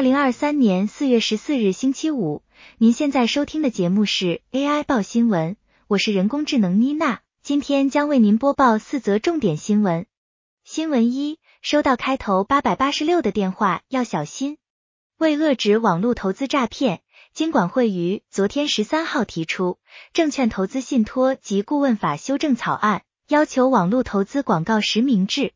二零二三年四月十四日星期五，您現在收聽的節目是 AI 報新聞，我是人工智能妮娜，今天將為您播報四則重點新聞。新聞一：收到開頭八百八十六的電話要小心。為遏制網絡投資詐騙，金管會於昨天十三號提出證券投資信托及顧問法修正草案，要求網絡投資廣告實名制。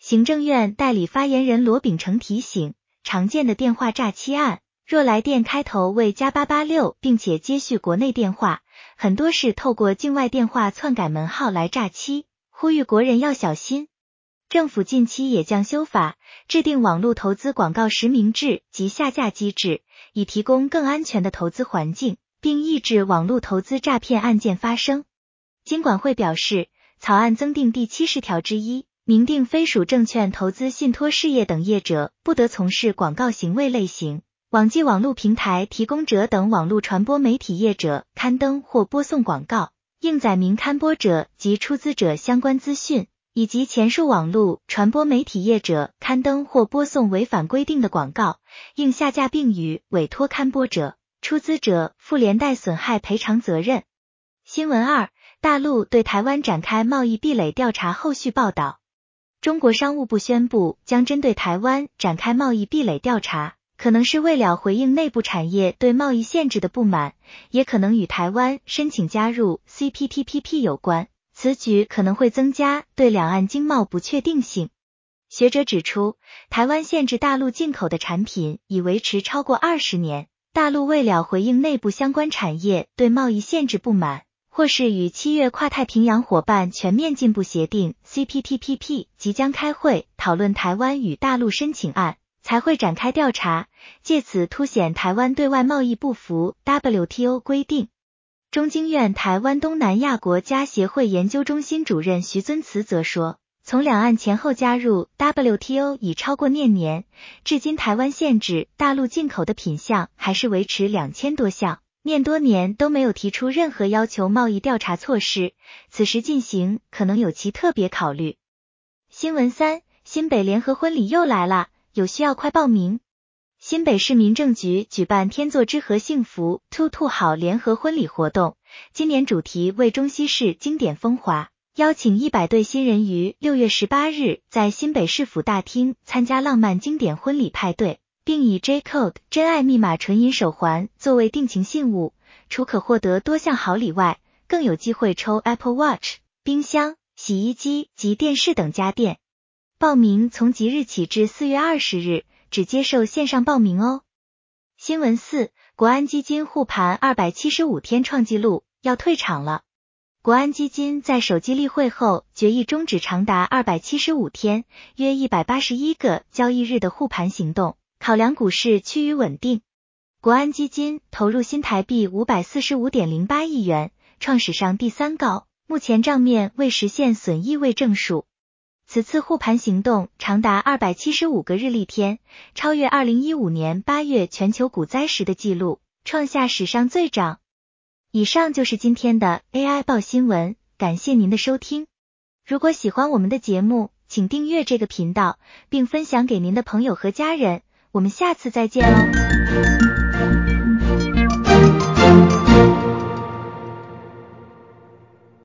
行政院代理發言人羅秉成提醒。常見的電話詐欺案，若來電開頭為加八八六，並且接續國內電話，很多是透過境外電話篡改門號來詐欺，呼籲國人要小心。政府近期也將修法，制定網絡投資廣告實名制及下架機制，以提供更安全的投資環境，並抑制網絡投資詐騙案件發生。金管會表示，草案增訂第七十條之一。明定非屬證券、投資、信託事業等業者不得從事廣告行為類型，網際網絡平台提供者等網絡傳播媒體業者刊登或播送廣告，應載明刊播者及出資者相關資訊，以及前述網絡傳播媒體業者刊登或播送違反規定的廣告，應下架並與委託刊播者、出資者負連帶損害賠償責任。新聞二，大陸對台灣展開貿易壁壘調查後續報道。中國商務部宣布將針對台灣展開貿易壁壘調查，可能是為了回應內部產業對貿易限制的不滿，也可能與台灣申請加入 CPTPP 有關。此舉可能會增加對兩岸經貿不確定性。學者指出，台灣限制大陸進口的產品已維持超過二十年，大陸為了回應內部相關產業對貿易限制不滿。或是與七月跨太平洋夥伴全面進步協定 （CPTPP） 即將開會討論台灣與大陸申請案，才會展開調查，借此凸顯台灣對外貿易不符 WTO 規定。中經院台灣東南亞國家協會研究中心主任徐尊慈則說，從兩岸前後加入 WTO 已超過廿年，至今台灣限制大陸進口的品項還是維持兩千多項。念多年都沒有提出任何要求貿易調查措施，此時進行可能有其特別考慮。新聞三：新北聯合婚禮又來了，有需要快報名！新北市民政局舉辦天作之合幸福兔兔好聯合婚禮活動，今年主題為中西式經典風華，邀請一百對新人於六月十八日在新北市府大廳參加浪漫經典婚禮派對。並以 J Code 真愛密碼純銀手環作為定情信物，除可獲得多項好禮外，更有機會抽 Apple Watch、冰箱、洗衣機及電視等家電。報名從即日起至四月二十日，只接受線上報名哦。新聞四：國安基金護盤二百七十五天創紀錄，要退場了。國安基金在手機例會後決議終止長達二百七十五天（約一百八十一個交易日）的護盤行動。考量股市趨於穩定，國安基金投入新台幣五百四十五點零八億元，創史上第三高。目前賬面未實現損益為正數。此次護盤行動長達二百七十五個日曆天，超越二零一五年八月全球股災時的記錄，創下史上最長。以上就是今天的 AI 報新聞，感謝您的收聽。如果喜歡我們的節目，請訂閱這個頻道，並分享給您的朋友和家人。我們下次再見哦。